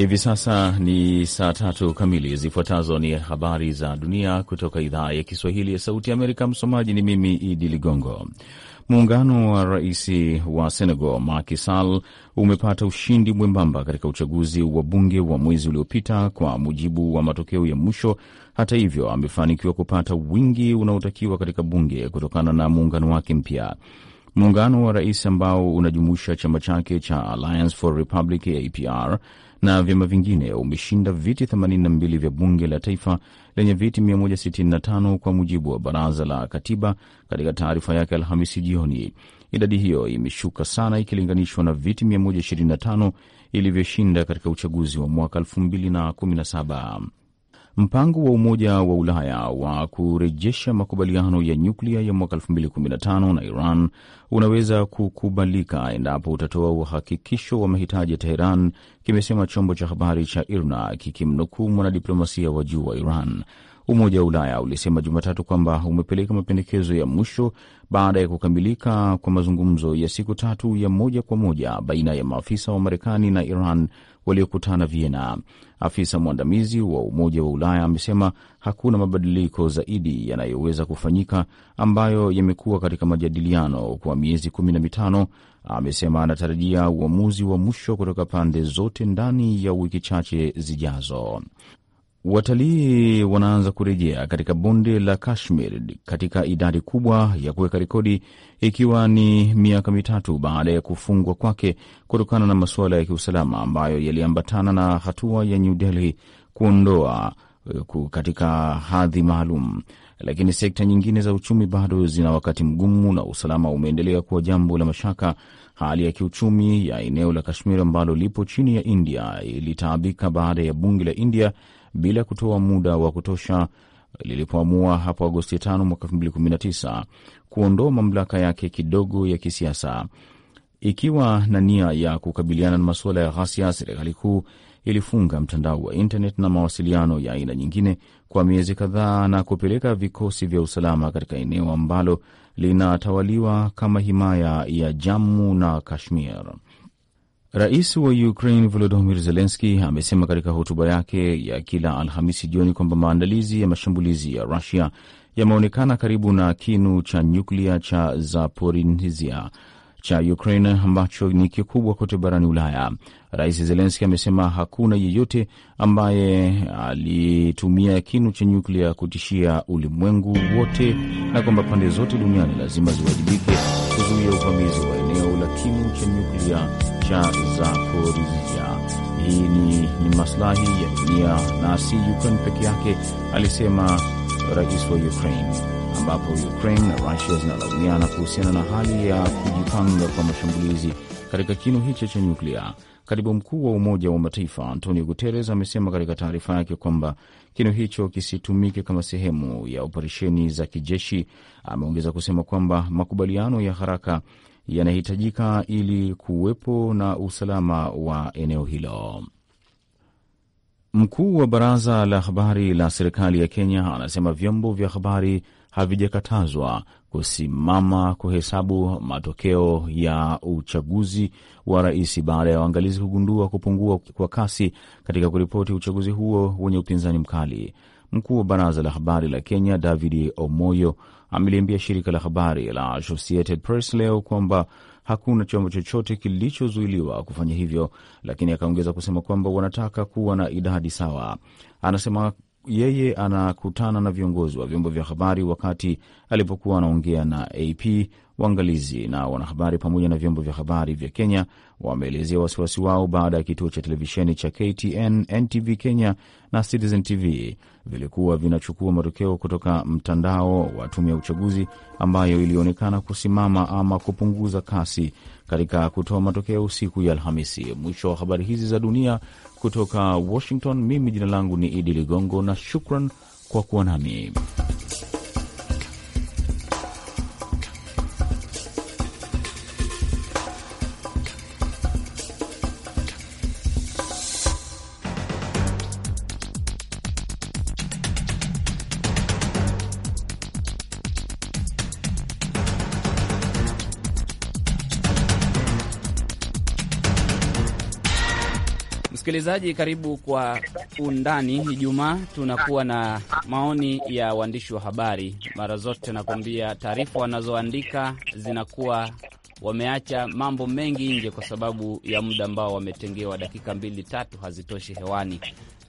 Hivi sasa ni saa tatu kamili. Zifuatazo ni habari za dunia kutoka idhaa ya Kiswahili ya Sauti ya Amerika. Msomaji ni mimi Idi Ligongo. Muungano wa rais wa Senegal Macky Sall umepata ushindi mwembamba katika uchaguzi wa bunge wa mwezi uliopita kwa mujibu wa matokeo ya mwisho. Hata hivyo, amefanikiwa kupata wingi unaotakiwa katika bunge kutokana na muungano wake mpya. Muungano wa rais ambao unajumuisha chama chake cha Alliance for Republic APR na vyama vingine umeshinda viti 82 vya bunge la taifa lenye viti 165 kwa mujibu wa baraza la katiba katika taarifa yake Alhamisi jioni. Idadi hiyo imeshuka sana ikilinganishwa na viti 125 ilivyoshinda katika uchaguzi wa mwaka 2017. Mpango wa Umoja wa Ulaya wa kurejesha makubaliano ya nyuklia ya mwaka 2015 na Iran unaweza kukubalika endapo utatoa uhakikisho wa mahitaji ya Teheran, kimesema chombo cha habari cha IRNA kikimnukuu mwanadiplomasia wa juu wa Iran. Umoja wa Ulaya ulisema Jumatatu kwamba umepeleka mapendekezo ya mwisho baada ya kukamilika kwa mazungumzo ya siku tatu ya moja kwa moja baina ya maafisa wa Marekani na Iran waliokutana Vienna. Afisa mwandamizi wa Umoja wa Ulaya amesema hakuna mabadiliko zaidi yanayoweza kufanyika ambayo yamekuwa katika majadiliano kwa miezi kumi na mitano. Amesema anatarajia uamuzi wa mwisho kutoka pande zote ndani ya wiki chache zijazo. Watalii wanaanza kurejea katika bonde la Kashmir katika idadi kubwa ya kuweka rekodi, ikiwa ni miaka mitatu baada ya kufungwa kwake kutokana na masuala ya kiusalama ambayo yaliambatana na hatua ya New Delhi kuondoa eh, katika hadhi maalum. Lakini sekta nyingine za uchumi bado zina wakati mgumu na usalama umeendelea kuwa jambo la mashaka. Hali ya kiuchumi ya eneo la Kashmir ambalo lipo chini ya India ilitaabika baada ya bunge la India bila kutoa muda wa kutosha lilipoamua hapo Agosti 5 mwaka 2019 kuondoa mamlaka yake kidogo ya kisiasa. Ikiwa na nia ya kukabiliana na masuala ya ghasia, serikali kuu ilifunga mtandao wa internet na mawasiliano ya aina nyingine kwa miezi kadhaa na kupeleka vikosi vya usalama katika eneo ambalo linatawaliwa kama himaya ya Jammu na Kashmir. Rais wa Ukraine Volodymyr Zelenski amesema katika hotuba yake ya kila Alhamisi jioni kwamba maandalizi ya mashambulizi ya Rusia yameonekana karibu na kinu cha nyuklia cha Zaporizhia cha Ukraine ambacho ni kikubwa kote barani Ulaya. Rais Zelenski amesema hakuna yeyote ambaye alitumia kinu cha nyuklia kutishia ulimwengu wote na kwamba pande zote duniani lazima ziwajibike kuzuia uvamizi wa eneo la kinu cha nyuklia picha za kuridhisha. Hii ni, ni maslahi ya dunia na si Ukraine peke yake, alisema rais wa Ukraine, ambapo Ukraine na Rusia zinalaumiana kuhusiana na hali ya kujipanga kwa mashambulizi katika kinu hicho cha nyuklia. Katibu mkuu wa Umoja wa Mataifa Antonio Guterres amesema katika taarifa yake kwamba kinu hicho kisitumike kama sehemu ya operesheni za kijeshi. Ameongeza kusema kwamba makubaliano ya haraka yanahitajika ili kuwepo na usalama wa eneo hilo. Mkuu wa baraza la habari la serikali ya Kenya anasema vyombo vya habari havijakatazwa kusimama kuhesabu matokeo ya uchaguzi wa rais baada ya waangalizi kugundua kupungua kwa kasi katika kuripoti uchaguzi huo wenye upinzani mkali. Mkuu wa baraza la habari la Kenya David Omoyo ameliambia shirika la habari la Associated Press leo kwamba hakuna chombo chochote kilichozuiliwa kufanya hivyo, lakini akaongeza kusema kwamba wanataka kuwa na idadi sawa. Anasema yeye anakutana na viongozi wa vyombo vya habari wakati alipokuwa anaongea na AP, waangalizi na wanahabari pamoja na vyombo vya habari vya Kenya wameelezea wasiwasi wao baada ya kituo cha televisheni cha KTN, NTV Kenya na Citizen TV vilikuwa vinachukua matokeo kutoka mtandao wa tume ya uchaguzi ambayo ilionekana kusimama ama kupunguza kasi katika kutoa matokeo siku ya Alhamisi. Mwisho wa habari hizi za dunia kutoka Washington, mimi jina langu ni Idi Ligongo na shukran kwa kuwa nami. Msikilizaji, karibu kwa undani. Ijumaa tunakuwa na maoni ya waandishi wa habari. Mara zote nakwambia, taarifa wanazoandika zinakuwa wameacha mambo mengi nje, kwa sababu ya muda ambao wametengewa, dakika mbili tatu hazitoshi hewani.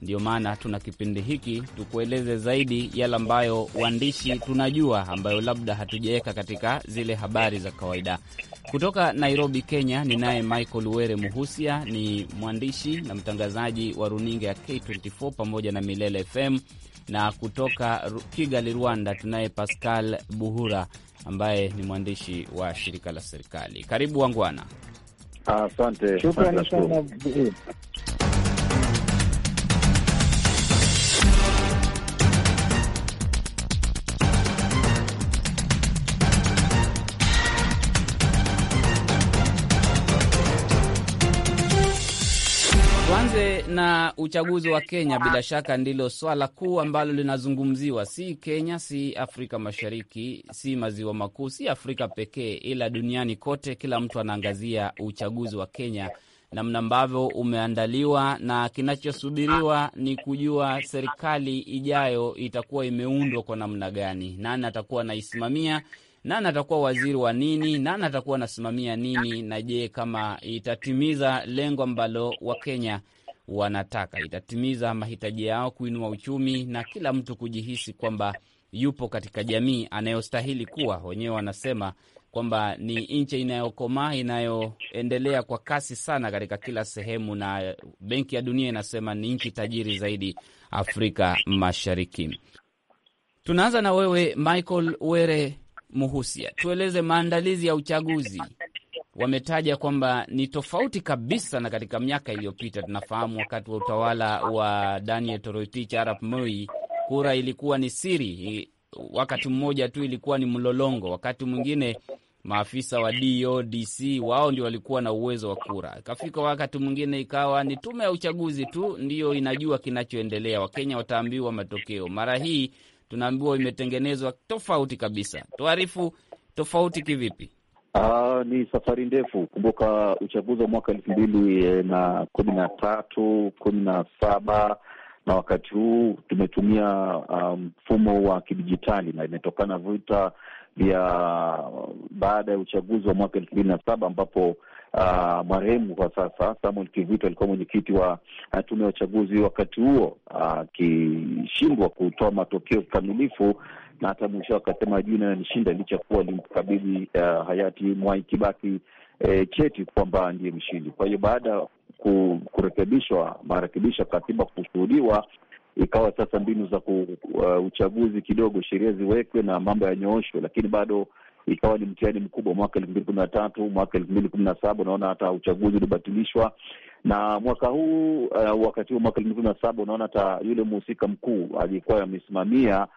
Ndio maana tuna kipindi hiki tukueleze zaidi yale ambayo waandishi tunajua, ambayo labda hatujaweka katika zile habari za kawaida. Kutoka Nairobi, Kenya, ninaye Michael Were Muhusia, ni mwandishi na mtangazaji wa runinga ya K24 pamoja na Milele FM, na kutoka Kigali, Rwanda, tunaye Pascal Buhura ambaye ni mwandishi wa shirika la serikali. Karibu wangwana. Asante, na uchaguzi wa Kenya bila shaka ndilo swala kuu ambalo linazungumziwa, si Kenya, si Afrika Mashariki, si maziwa makuu, si Afrika pekee, ila duniani kote, kila mtu anaangazia uchaguzi wa Kenya namna ambavyo umeandaliwa, na kinachosubiriwa ni kujua serikali ijayo itakuwa imeundwa kwa namna gani, nani atakuwa anaisimamia nani atakuwa waziri wa nini, nani atakuwa anasimamia nini, na je, kama itatimiza lengo ambalo Wakenya wanataka, itatimiza mahitaji yao, kuinua uchumi na kila mtu kujihisi kwamba yupo katika jamii anayostahili kuwa. Wenyewe wanasema kwamba ni nchi inayokomaa inayoendelea kwa kasi sana katika kila sehemu, na Benki ya Dunia inasema ni nchi tajiri zaidi Afrika Mashariki. Tunaanza na wewe Michael Were Muhusia, tueleze maandalizi ya uchaguzi wametaja kwamba ni tofauti kabisa na katika miaka iliyopita. Tunafahamu wakati wa utawala wa Daniel Toroitich arap Moi kura ilikuwa ni siri, wakati mmoja tu ilikuwa ni mlolongo, wakati mwingine maafisa wa DODC wao ndio walikuwa na uwezo wa kura. Ikafika wakati mwingine ikawa ni tume ya uchaguzi tu ndiyo inajua kinachoendelea, Wakenya wataambiwa matokeo. Mara hii tunaambiwa imetengenezwa tofauti kabisa. Tuarifu tofauti kivipi? Aa, ah, ni safari ndefu. Kumbuka uchaguzi wa mwaka elfu mbili eh, na kumi na tatu kumi na saba na wakati huu tumetumia ah, mfumo um, wa kidijitali na imetokana vita vya baada ya uchaguzi wa mwaka elfu mbili na saba ambapo uh, marehemu kwa sasa Samuel Kivuito alikuwa mwenyekiti wa tume ya uchaguzi wakati huo akishindwa uh, kutoa matokeo kikamilifu na hata mwisho akasema ajui anayonishinda, licha kuwa walimkabidhi uh, eh, hayati Mwai Kibaki eh, cheti kwamba ndiye mshindi. Kwa hiyo baada ya kurekebishwa marekebisho ya katiba kushuhudiwa ikawa sasa mbinu za ku, uh, uchaguzi kidogo sheria ziwekwe na mambo yanyooshwe, lakini bado ikawa ni mtihani mkubwa. Mwaka elfu mbili kumi na tatu mwaka elfu mbili kumi na saba unaona hata uchaguzi ulibatilishwa, na mwaka huu uh, wakati huu mwaka elfu mbili kumi na saba unaona hata yule mhusika mkuu aliyekuwa amesimamia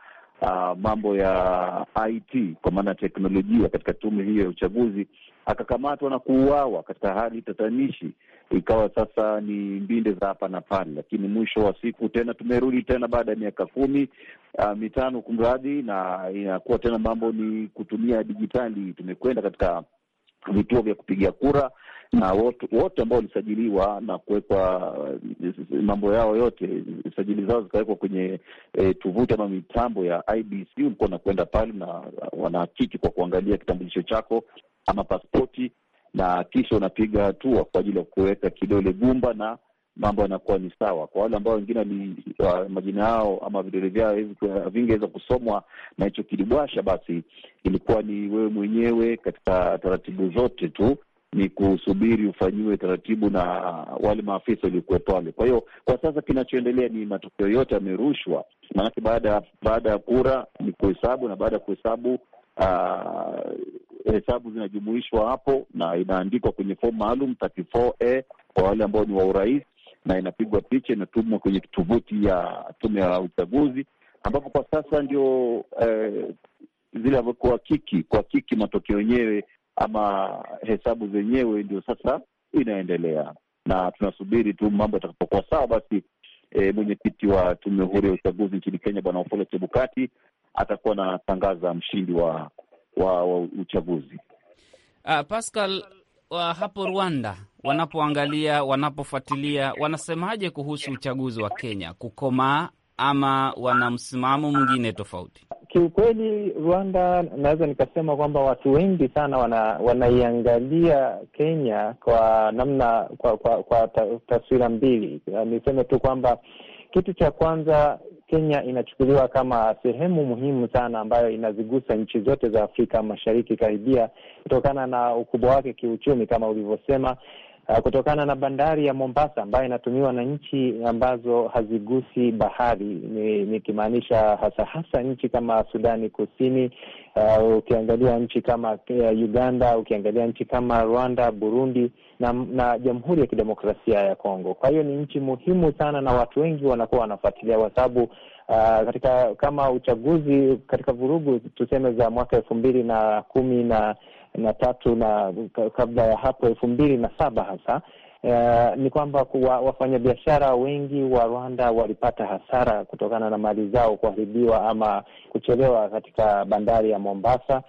uh, mambo ya IT kwa maana ya teknolojia katika tume hiyo ya uchaguzi akakamatwa na kuuawa katika hali tatanishi. Ikawa sasa ni mbinde za hapa na pale, lakini mwisho wa siku tena tumerudi tena baada ya miaka kumi uh, mitano kumradhi, na inakuwa tena mambo ni kutumia dijitali. Tumekwenda katika vituo vya kupiga kura na wote ambao walisajiliwa na kuwekwa uh, mambo yao yote, sajili zao zikawekwa kwenye e, tuvuti ama mitambo ya IBC. Ulikuwa unakwenda pale na uh, wanahakiki kwa kuangalia kitambulisho chako ama paspoti, na kisha unapiga hatua kwa ajili ya kuweka kidole gumba na mambo yanakuwa ni sawa. Kwa wale ambao wengine uh, majina yao ama vidole vyao vingeweza kusomwa na hicho kidibwasha, basi ilikuwa ni wewe mwenyewe katika taratibu zote tu ni kusubiri ufanyiwe taratibu na wale maafisa waliokuwa pale. Kwa hiyo kwa sasa kinachoendelea ni matokeo yote yamerushwa, maanake baada baada ya kura ni kuhesabu, na baada ya kuhesabu ah, hesabu uh, zinajumuishwa hapo na inaandikwa kwenye fomu maalum 34A kwa wale ambao ni wa urais, na inapigwa picha, inatumwa kwenye tovuti ya tume ya uchaguzi, ambapo kwa sasa ndio eh, zile kuhakiki kuhakiki matokeo yenyewe ama hesabu zenyewe ndio sasa inaendelea, na tunasubiri tu mambo yatakapokuwa sawa, basi e, mwenyekiti wa tume huru ya uchaguzi nchini Kenya Bwana Wafula Chebukati atakuwa anatangaza mshindi wa, wa, wa uchaguzi. Uh, Pascal wa hapo Rwanda wanapoangalia, wanapofuatilia, wanasemaje kuhusu uchaguzi wa Kenya kukomaa ama wana msimamo mwingine tofauti? Kiukweli Rwanda, naweza nikasema kwamba watu wengi sana wana, wanaiangalia Kenya kwa namna kwa kwa, kwa ta, taswira mbili. Niseme tu kwamba kitu cha kwanza, Kenya inachukuliwa kama sehemu muhimu sana ambayo inazigusa nchi zote za Afrika Mashariki karibia, kutokana na ukubwa wake kiuchumi kama ulivyosema uh, kutokana na bandari ya Mombasa ambayo inatumiwa na nchi ambazo hazigusi bahari, nikimaanisha hasa hasa nchi kama Sudani Kusini, uh, ukiangalia nchi kama uh, Uganda, ukiangalia nchi kama Rwanda, Burundi na, na Jamhuri ya Kidemokrasia ya Kongo. Kwa hiyo ni nchi muhimu sana na watu wengi wanakuwa wanafuatilia kwa sababu Uh, katika kama uchaguzi katika vurugu tuseme za mwaka elfu mbili na kumi na na tatu na kabla ya hapo elfu mbili na saba hasa Uh, ni kwamba kwa wafanyabiashara wengi wa Rwanda walipata hasara kutokana na mali zao kuharibiwa ama kuchelewa katika bandari ya Mombasa,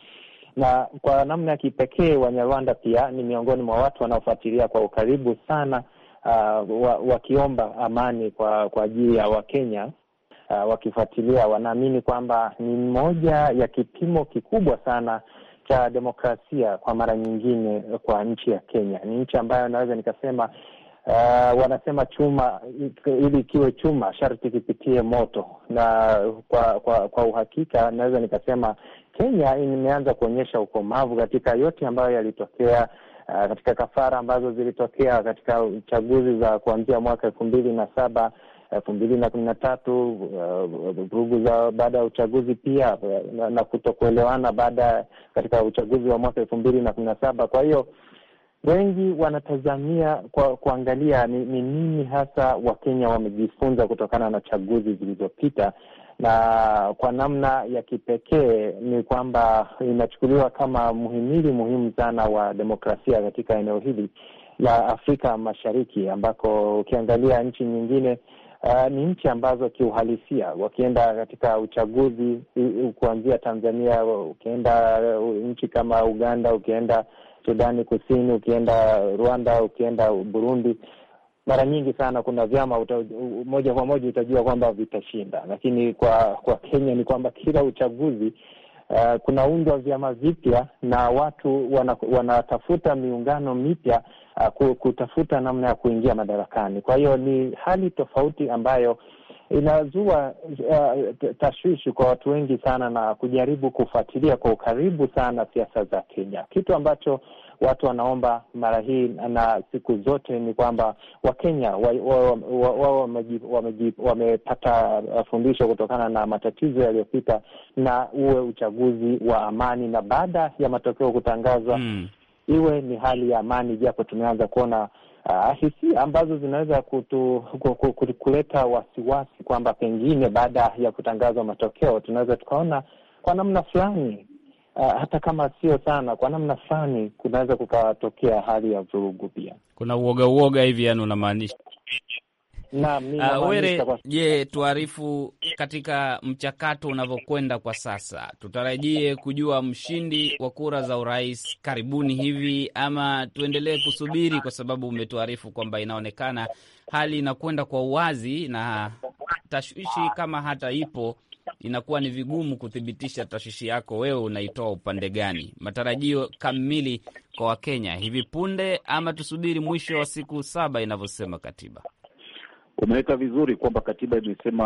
na kwa namna ya kipekee Wanyarwanda pia ni miongoni mwa watu wanaofuatilia kwa ukaribu sana uh, wakiomba amani kwa kwa ajili ya Wakenya uh, wakifuatilia, wanaamini kwamba ni moja ya kipimo kikubwa sana cha demokrasia kwa mara nyingine kwa nchi ya Kenya. Ni nchi ambayo naweza nikasema Uh, wanasema chuma ili ikiwe chuma sharti kipitie moto, na kwa kwa kwa uhakika naweza nikasema Kenya imeanza kuonyesha ukomavu katika yote ambayo yalitokea, uh, katika kafara ambazo zilitokea katika chaguzi za kuanzia mwaka elfu mbili na saba elfu mbili na kumi na tatu uh, vurugu uh, za baada ya uchaguzi pia uh, na, na kutokuelewana baada katika uchaguzi wa mwaka elfu mbili na kumi na saba kwa hiyo wengi wanatazamia kwa kuangalia ni, ni nini hasa Wakenya wamejifunza kutokana na chaguzi zilizopita, na kwa namna ya kipekee ni kwamba inachukuliwa kama mhimili muhimu sana wa demokrasia katika eneo hili la Afrika Mashariki, ambako ukiangalia nchi nyingine uh, ni nchi ambazo kiuhalisia wakienda katika uchaguzi kuanzia Tanzania, ukienda nchi kama Uganda, ukienda Sudani Kusini, ukienda Rwanda, ukienda Burundi, mara nyingi sana kuna vyama uta, moja kwa moja utajua kwamba vitashinda, lakini kwa kwa Kenya ni kwamba kila uchaguzi uh, kunaundwa vyama vipya na watu wanatafuta wana miungano mipya uh, kutafuta namna ya kuingia madarakani. Kwa hiyo ni hali tofauti ambayo inazua uh, tashwishi kwa watu wengi sana na kujaribu kufuatilia kwa ukaribu sana siasa za Kenya, kitu ambacho watu wanaomba mara hii na siku zote ni kwamba Wakenya wao wamepata fundisho kutokana na matatizo yaliyopita, na uwe uchaguzi wa amani, na baada ya matokeo kutangazwa mm iwe ni hali ya amani, japo tumeanza kuona uh, hisia ambazo zinaweza kutu, kuleta wasiwasi kwamba pengine baada ya kutangazwa matokeo tunaweza tukaona kwa namna fulani Uh, hata kama sio sana, kwa namna fulani kunaweza kukatokea hali ya vurugu. Pia kuna uoga uoga hivi, yani unamaanisha Uh, Were, je, tuarifu katika mchakato unavyokwenda kwa sasa, tutarajie kujua mshindi wa kura za urais karibuni hivi ama tuendelee kusubiri? Kwa sababu umetuarifu kwamba inaonekana hali inakwenda kwa uwazi na tashwishi kama hata ipo inakuwa ni vigumu kuthibitisha tashwishi yako wewe unaitoa upande gani. Matarajio kamili kwa Wakenya hivi punde ama tusubiri mwisho wa siku saba inavyosema katiba? Umeweka vizuri kwamba katiba imesema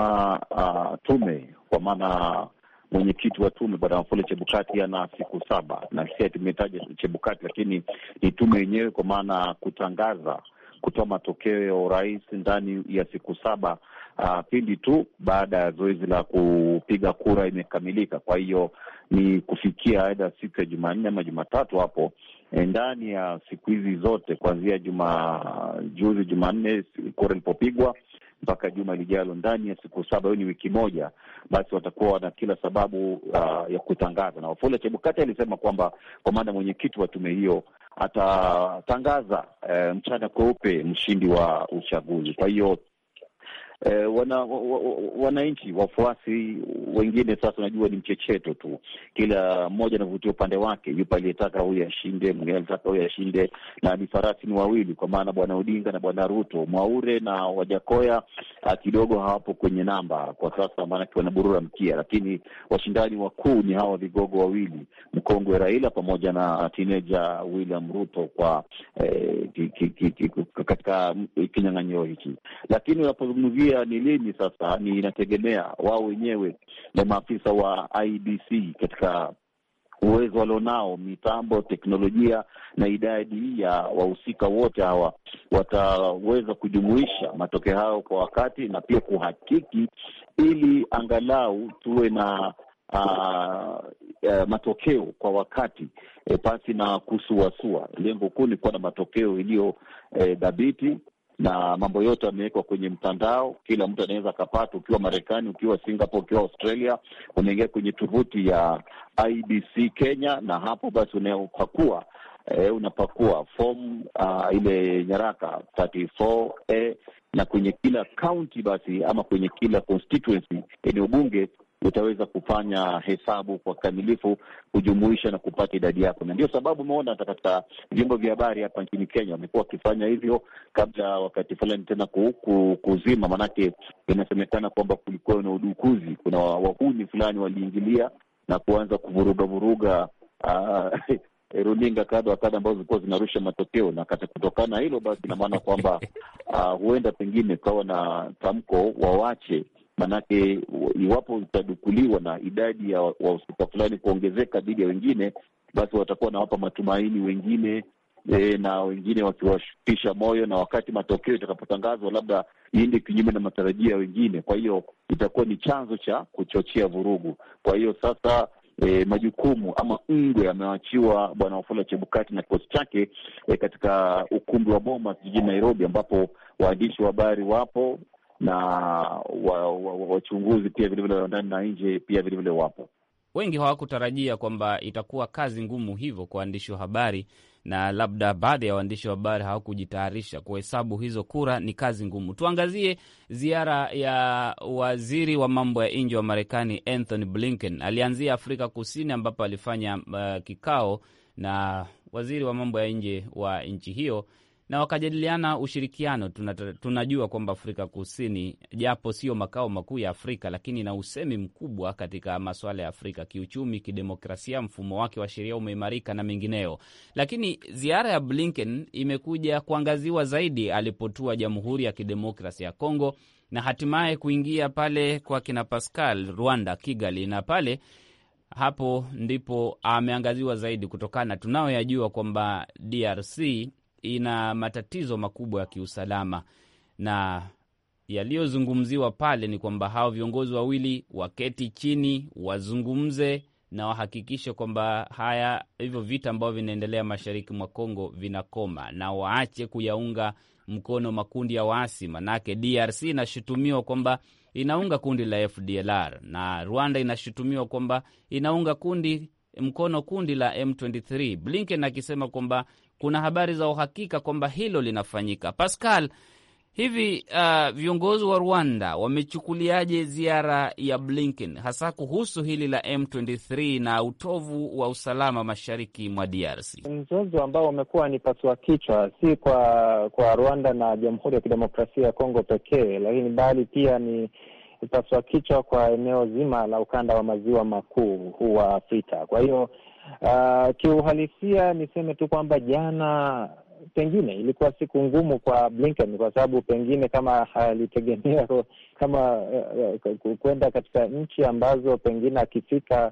uh, tume kwa maana mwenyekiti wa tume Bwana Wafula Chebukati ana siku saba, na sia tumetaja Chebukati, lakini ni tume yenyewe, kwa maana kutangaza kutoa matokeo ya urais ndani ya siku saba uh, pindi tu baada ya zoezi la kupiga kura imekamilika. Kwa hiyo ni kufikia aidha siku ya Jumanne ama Jumatatu hapo Eh, ndani ya siku hizi zote kuanzia juma juzi Jumanne kura ilipopigwa mpaka juma lijalo, ndani ya siku saba, hiyo ni wiki moja, basi watakuwa na kila sababu uh, ya kutangaza. Na Wafula Chebukati alisema kwamba kwa maana mwenyekiti wa tume hiyo atatangaza uh, mchana kweupe mshindi wa uchaguzi. Kwa hiyo eh, wananchi wafuasi wengine. Sasa unajua ni mchecheto tu, kila mmoja anavutia upande wake, yupo aliyetaka huyu ashinde, mwingine alitaka huyu ashinde, na ni farasi ni wawili, kwa maana bwana Odinga na bwana Ruto, Mwaure na Wajakoya ah, kidogo hawapo kwenye namba kwa sasa, maanake wanaburura mkia, lakini washindani wakuu ni hawa vigogo wawili, mkongwe Raila pamoja na tineja William Ruto kwa eh, katika kinyang'anyiro hiki, lakini unapozungumzia pia ni lini sasa, ni inategemea wao wenyewe na maafisa wa IBC katika uwezo walionao, mitambo, teknolojia na idadi ya wahusika wote hawa, wataweza kujumuisha matokeo hayo kwa wakati na pia kuhakiki, ili angalau tuwe na Uh, uh, matokeo kwa wakati e, pasi na kusuasua. Lengo kuu ni kuwa na matokeo iliyo e, dhabiti na mambo yote yamewekwa kwenye mtandao. Kila mtu anaweza akapata, ukiwa Marekani, ukiwa Singapore, ukiwa Australia, unaingia kwenye tovuti ya IBC Kenya, na hapo basi unapakua e, unapakua fomu uh, ah, ile nyaraka 34A na kwenye kila kaunti basi ama kwenye kila constituency, eneo bunge utaweza kufanya hesabu kwa kamilifu kujumuisha na kupata idadi yako, na ndio sababu umeona hata katika vyombo vya habari hapa nchini Kenya wamekuwa wakifanya hivyo kabla wakati fulani tena kuzima, maanake inasemekana kwamba kulikuwa na udukuzi, kuna wahuni fulani waliingilia na kuanza kuvuruga vuruga ah, runinga kadha wa kadha ambazo zilikuwa zinarusha matokeo na kati Kutokana na hilo basi, ina maana kwamba uh, huenda pengine ukawa na tamko wawache Maanake iwapo itadukuliwa na idadi ya wahusika fulani kuongezeka dhidi ya wengine, basi watakuwa wanawapa matumaini wengine e, na wengine wakiwashukisha moyo, na wakati matokeo itakapotangazwa labda iende kinyume na matarajio ya wengine. Kwa hiyo itakuwa ni chanzo cha kuchochea vurugu. Kwa hiyo sasa E, majukumu ama ngwe amewachiwa Bwana Wafula Chebukati na kikosi chake e, katika ukumbi wa Bomas jijini Nairobi, ambapo waandishi wa habari wapo na wachunguzi wa, wa pia vilevile wa ndani na nje pia vilevile wapo wengi. Hawakutarajia kwamba itakuwa kazi ngumu hivyo kwa waandishi wa habari, na labda baadhi ya waandishi wa habari hawakujitayarisha kuhesabu hizo kura. Ni kazi ngumu. Tuangazie ziara ya waziri wa mambo ya nje wa Marekani Anthony Blinken. Alianzia Afrika Kusini ambapo alifanya uh, kikao na waziri wa mambo ya nje wa nchi hiyo na wakajadiliana ushirikiano. tunajua kwamba Afrika Kusini japo sio makao makuu ya Afrika, lakini ina usemi mkubwa katika masuala ya Afrika kiuchumi, kidemokrasia, mfumo wake wa sheria umeimarika na mengineo Lakini ziara ya Blinken imekuja kuangaziwa zaidi alipotua Jamhuri ya Kidemokrasia ya Kongo na hatimaye kuingia pale kwa kina Pascal Rwanda, Kigali, na pale hapo ndipo ameangaziwa zaidi kutokana tunayoyajua kwamba DRC ina matatizo makubwa ya kiusalama, na yaliyozungumziwa pale ni kwamba hao viongozi wawili waketi chini, wazungumze na wahakikishe kwamba haya hivyo vita ambavyo vinaendelea mashariki mwa Kongo vinakoma na waache kuyaunga mkono makundi ya waasi. Manake DRC inashutumiwa kwamba inaunga kundi la FDLR na Rwanda inashutumiwa kwamba inaunga kundi mkono kundi la M23. Blinken akisema kwamba kuna habari za uhakika kwamba hilo linafanyika. Pascal, hivi uh, viongozi wa Rwanda wamechukuliaje ziara ya Blinken hasa kuhusu hili la M23 na utovu wa usalama mashariki mwa DRC? Mzozo ambao umekuwa ni pasua kichwa, si kwa kwa Rwanda na Jamhuri ya Kidemokrasia ya Kongo pekee, lakini bali pia ni pasua kichwa kwa eneo zima la ukanda wa maziwa makuu huu wa Afrika. Kwa hiyo Uh, kiuhalisia niseme tu kwamba jana pengine ilikuwa siku ngumu kwa Blinken kwa sababu pengine kama alitegemea kama uh, kwenda katika nchi ambazo pengine akifika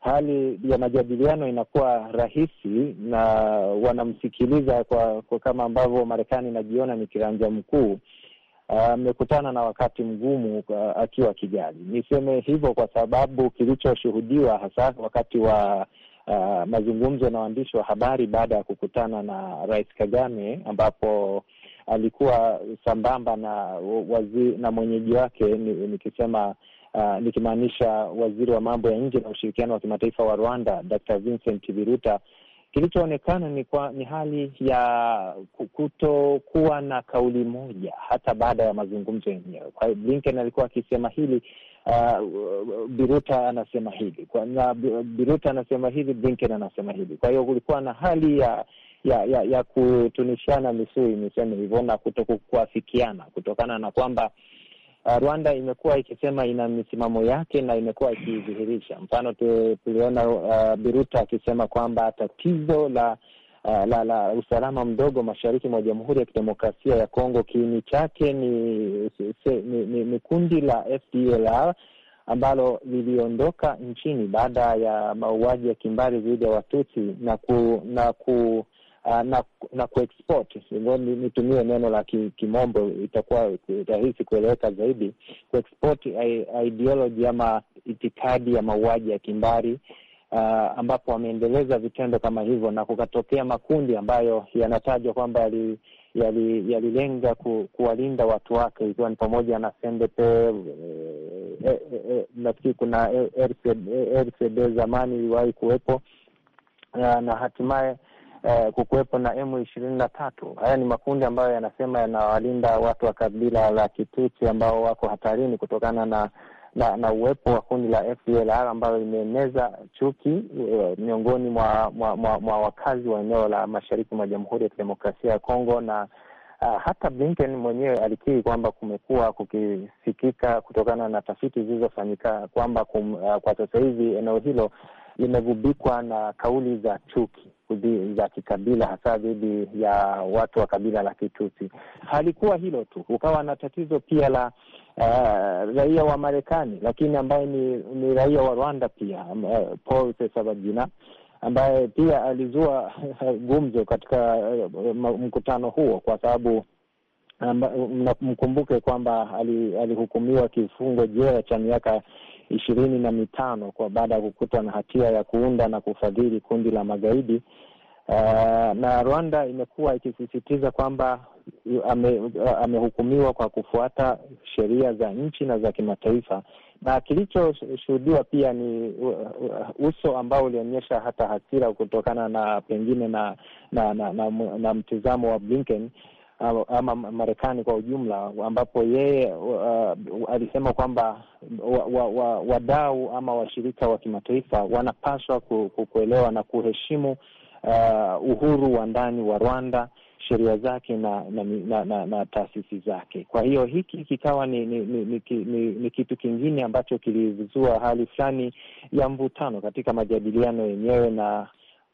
hali ya majadiliano inakuwa rahisi na wanamsikiliza kwa, kwa kama ambavyo Marekani inajiona ni kiranja mkuu. Ah, amekutana uh, na wakati mgumu uh, akiwa Kigali. Niseme hivyo kwa sababu kilichoshuhudiwa hasa wakati wa uh, mazungumzo na waandishi wa habari baada ya kukutana na Rais Kagame ambapo alikuwa sambamba na wazi, na mwenyeji wake nikisema Uh, nikimaanisha waziri wa mambo ya nje na ushirikiano wa kimataifa wa Rwanda Dr. Vincent Biruta. Kilichoonekana ni kwa ni hali ya kutokuwa na kauli moja hata baada ya mazungumzo yenyewe. Kwa hiyo Blinken alikuwa akisema hili uh, Biruta anasema hivi na Biruta anasema hivi, Blinken anasema hivi. Kwa hiyo kulikuwa na hali ya ya ya, ya kutunishana misuli niseme hivyo na kutokuafikiana kutokana na kwamba ah, Rwanda imekuwa ikisema ina misimamo yake na imekuwa ikidhihirisha. Mfano tuliona uh, Biruta akisema kwamba tatizo la uh, la, la usalama mdogo mashariki mwa Jamhuri ya Kidemokrasia ya Kongo. Kiini chake ni, ni, ni, ni kundi la FDLR ambalo liliondoka nchini baada ya mauaji ya kimbari dhidi ya Watutsi na ku, na ku Uh, na na kuexport nitumie neno la kimombo itakuwa rahisi kueleweka zaidi, kuexport ideology ama itikadi ya mauaji ya kimbari uh, ambapo wameendeleza vitendo kama hivyo, na kukatokea makundi ambayo yanatajwa kwamba yali yalilenga yali ku, kuwalinda watu wake ikiwa ni pamoja na SNDP e, e, eh, e, eh, eh, nafikiri kuna RCD e, zamani iliwahi kuwepo na, uh, na hatimaye e, kukuwepo na emu ishirini na tatu. Haya ni makundi ambayo yanasema yanawalinda watu wa kabila la Kitutsi ambao wako hatarini kutokana na na, na uwepo wa kundi la FDLR ambalo limeeneza chuki uh, miongoni mwa, mwa, mwa, mwa wakazi wa eneo la mashariki mwa Jamhuri ya Kidemokrasia ya Kongo na Uh, hata Blinken mwenyewe alikiri kwamba kumekuwa kukisikika kutokana na tafiti zilizofanyika kwamba kum, uh, kwa sasa hivi eneo hilo limegubikwa na kauli za chuki za kikabila, hasa dhidi ya watu wa kabila la Kitusi. Halikuwa hilo tu, ukawa na tatizo pia la Uh, raia wa Marekani lakini ambaye ni, ni raia wa Rwanda pia uh, Paul Sesabagina ambaye pia alizua gumzo katika uh, mkutano huo kwa sababu mkumbuke kwamba alihukumiwa ali kifungo jela cha miaka ishirini na mitano kwa baada ya kukutwa na hatia ya kuunda na kufadhili kundi la magaidi. Uh, na Rwanda imekuwa ikisisitiza kwamba ame, amehukumiwa kwa kufuata sheria za nchi na za kimataifa, na kilichoshuhudiwa pia ni uh, uh, uso ambao ulionyesha hata hasira kutokana na pengine na na, na, na, na, na mtizamo wa Blinken ama Marekani kwa ujumla, ambapo yeye uh, alisema kwamba wadau wa, wa, wa ama washirika wa kimataifa wanapaswa kuelewa na kuheshimu uh, uhuru wa ndani wa Rwanda sheria zake na na, na, na, na taasisi zake. Kwa hiyo hiki kikawa ni ni, ni, ni, ni, ni kitu kingine ambacho kilizua hali fulani ya mvutano katika majadiliano yenyewe na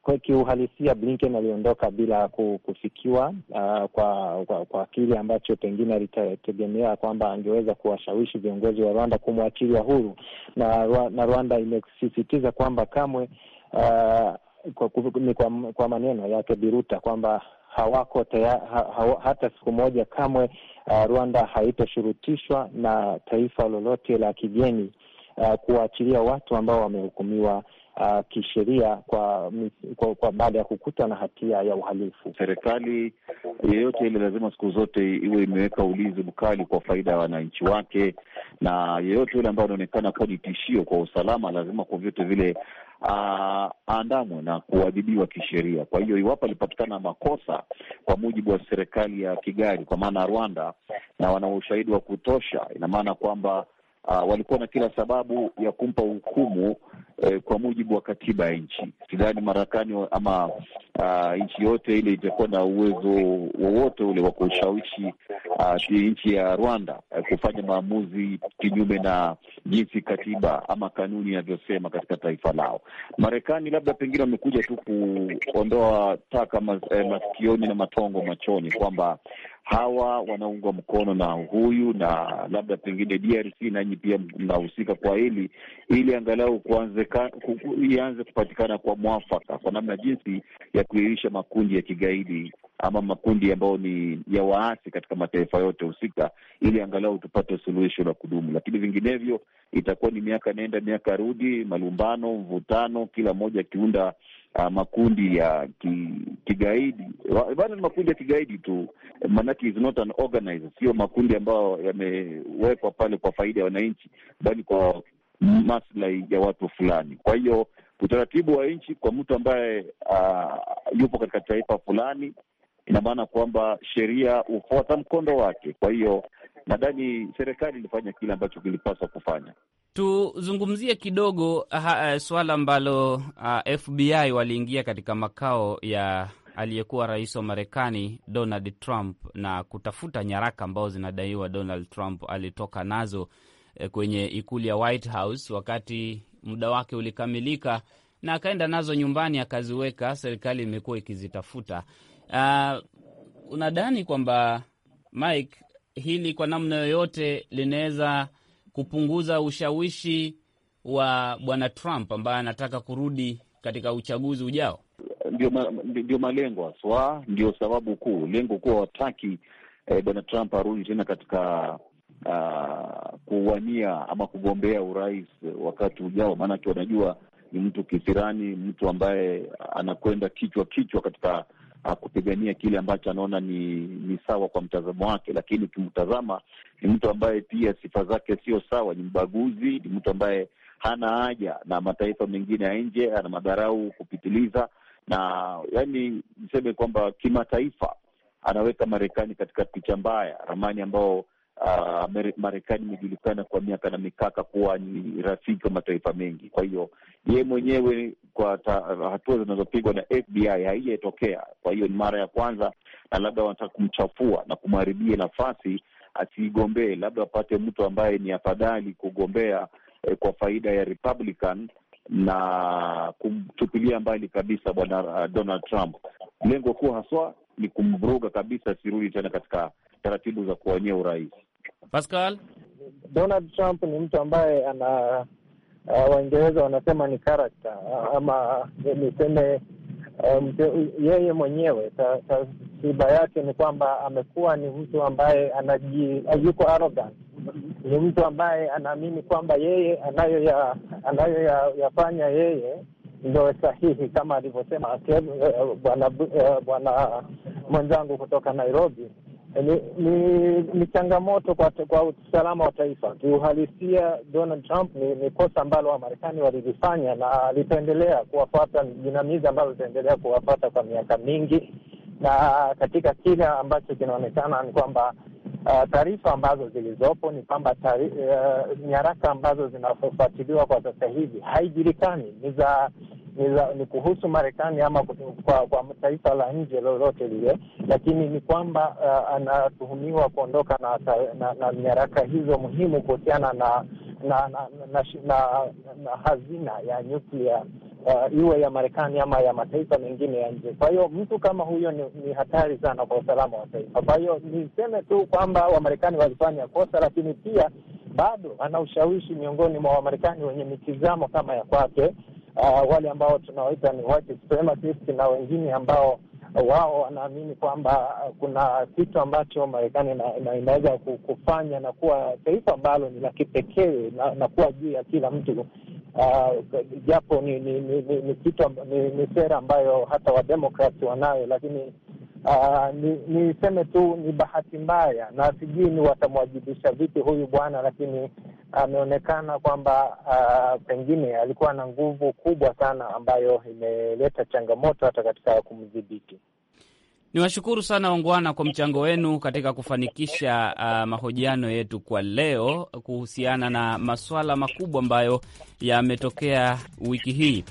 kwa kiuhalisia, Blinken aliondoka bila kufikiwa uh, kwa, kwa kwa kile ambacho pengine alitegemea kwamba angeweza kuwashawishi viongozi wa Rwanda kumwachilia huru, na, na Rwanda imesisitiza kwamba kamwe uh, kwa, kwa, kwa maneno yake Biruta kwamba hawako taya, ha, ha, hata siku moja kamwe uh, Rwanda haitoshurutishwa na taifa lolote la kigeni uh, kuwaachilia watu ambao wamehukumiwa uh, kisheria kwa, kwa, kwa baada ya kukutwa na hatia ya uhalifu. Serikali yeyote ile lazima siku zote iwe imeweka ulinzi mkali kwa faida ya wananchi wake, na yeyote yule ambayo anaonekana kuwa ni tishio kwa usalama lazima kwa vyote vile uh, aandamwe na kuadhibiwa kisheria. Kwa hiyo iwapo alipatikana makosa kwa mujibu wa serikali ya Kigali, kwa maana Rwanda, na wana ushahidi wa kutosha, ina maana kwamba uh, walikuwa na kila sababu ya kumpa hukumu eh, kwa mujibu wa katiba ya nchi. Sidhani Marekani ama uh, nchi yote ile itakuwa na uwezo wowote ule wa kushawishi uh, ah, nchi ya Rwanda eh, kufanya maamuzi kinyume na jinsi katiba ama kanuni inavyosema katika taifa lao. Marekani labda pengine wamekuja tu kuondoa taka mas, eh, masikioni na matongo machoni kwamba hawa wanaungwa mkono na huyu na labda pengine DRC nanyi pia mnahusika kwa hili, ili angalau ianze kupatikana kwa mwafaka kwa namna jinsi ya kuirisha makundi ya kigaidi ama makundi ambayo ni ya waasi katika mataifa yote husika, ili angalau tupate suluhisho la kudumu, lakini vinginevyo itakuwa ni miaka nenda miaka rudi, malumbano, mvutano, kila mmoja akiunda uh, makundi ya ki, kigaidi bado ni makundi ya kigaidi tu, maanake is not an organized, sio makundi ambayo yamewekwa pale kwa faida ya wananchi, bali kwa maslahi ya watu fulani. Kwa hiyo utaratibu wa nchi kwa mtu ambaye uh, yupo katika taifa fulani, ina maana kwamba sheria hufuata mkondo wake. Kwa hiyo Nadhani serikali ilifanya kile ambacho kilipaswa kufanya. Tuzungumzie kidogo ha, eh, swala ambalo uh, ah, FBI waliingia katika makao ya aliyekuwa rais wa Marekani Donald Trump na kutafuta nyaraka ambazo zinadaiwa Donald Trump alitoka nazo eh, kwenye ikulu ya White House wakati muda wake ulikamilika, na akaenda nazo nyumbani akaziweka. Serikali imekuwa ikizitafuta. Uh, unadhani kwamba Mike hili kwa namna yoyote linaweza kupunguza ushawishi wa bwana Trump ambaye anataka kurudi katika uchaguzi ujao? Ndio, ma, malengo haswa, ndio sababu kuu, lengo kuwa wataki eh, bwana Trump arudi tena katika uh, kuwania ama kugombea urais wakati ujao, maanake wanajua ni mtu kisirani, mtu ambaye anakwenda kichwa kichwa katika kupigania kile ambacho anaona ni ni sawa kwa mtazamo wake, lakini ukimtazama ni mtu ambaye pia sifa zake sio sawa, ni mbaguzi, ni mtu ambaye hana haja na mataifa mengine ya nje, ana madharau kupitiliza, na yani niseme kwamba kimataifa anaweka Marekani katika picha mbaya, ramani ambao uh, Marekani imejulikana kwa miaka na mikaka kuwa ni rafiki wa mataifa mengi. Kwa hiyo ye mwenyewe kwa ta, hatua zinazopigwa na FBI haijatokea, kwa hiyo ni mara ya kwanza, na labda wanataka kumchafua na kumharibia nafasi asiigombee, labda apate mtu ambaye ni afadhali kugombea eh, kwa faida ya Republican na kumtupilia mbali kabisa bwana uh, Donald Trump. Lengo kuu haswa ni kumvuruga kabisa asirudi tena katika taratibu za kuwania urais. Pascal, Donald Trump ni mtu ambaye ana uh, Waingereza wanasema ni karakta uh, ama uh, niseme um, yeye mwenyewe tasiba ta, yake ni kwamba amekuwa ni mtu ambaye anaji yuko arrogant ni mtu ambaye anaamini kwamba yeye anayoyafanya anayo ya, yeye ndo sahihi, kama alivyosema uh, bwana uh, bwana uh, mwenzangu kutoka Nairobi ni, ni, ni changamoto kwa, kwa usalama wa taifa. Kiuhalisia, Donald Trump ni, ni kosa ambalo Wamarekani walilifanya na litaendelea kuwafata jinamizi ambalo litaendelea kuwafata kwa miaka mingi, na katika kile ambacho kinaonekana ni kwamba uh, taarifa ambazo zilizopo ni kwamba uh, nyaraka ambazo zinafuatiliwa kwa sasa hivi haijulikani ni za ni, la, ni kuhusu Marekani ama kwa, kwa taifa la nje lolote lile, lakini ni kwamba uh, anatuhumiwa kuondoka na, na, na nyaraka hizo muhimu kuhusiana na na na, na, na na hazina ya nyuklia uh, iwe ya Marekani ama ya mataifa mengine ya nje. Kwa hiyo mtu kama huyo ni, ni hatari sana kwa usalama wa taifa. Kwa hiyo niseme tu kwamba Wamarekani walifanya kosa, lakini pia bado ana ushawishi miongoni mwa Wamarekani wenye mitizamo kama ya kwake uh, wale ambao tunawaita ni white na wengine ambao wao wanaamini kwamba kuna kitu ambacho Marekani inaweza kufanya na kuwa taifa ambalo ni la kipekee na, na kuwa juu ya kila mtu uh, japo ni ni, ni, ni, ni, kitu, ni, ni sera ambayo hata wademokrat wanayo, lakini uh, ah, niseme ni tu ni bahati mbaya, na sijui ni watamwajibisha vipi huyu bwana, lakini ameonekana kwamba uh, pengine alikuwa na nguvu kubwa sana ambayo imeleta changamoto hata katika kumdhibiti. Ni washukuru sana wangwana kwa mchango wenu katika kufanikisha uh, mahojiano yetu kwa leo kuhusiana na maswala makubwa ambayo yametokea wiki hii.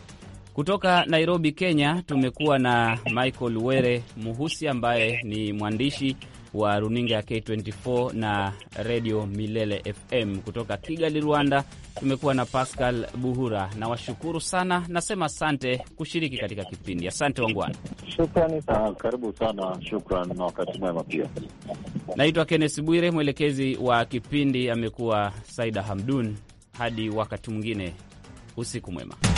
Kutoka Nairobi, Kenya, tumekuwa na Michael Were Muhusi ambaye ni mwandishi wa runinga ya K24 na redio Milele FM kutoka Kigali, Rwanda. Tumekuwa na Pascal Buhura, nawashukuru sana, nasema asante kushiriki katika kipindi. Asante wangwana, shukrani sana, karibu sana, shukran na wakati mwema pia. Naitwa Kennes Bwire, mwelekezi wa kipindi amekuwa Saida Hamdun. Hadi wakati mwingine, usiku mwema.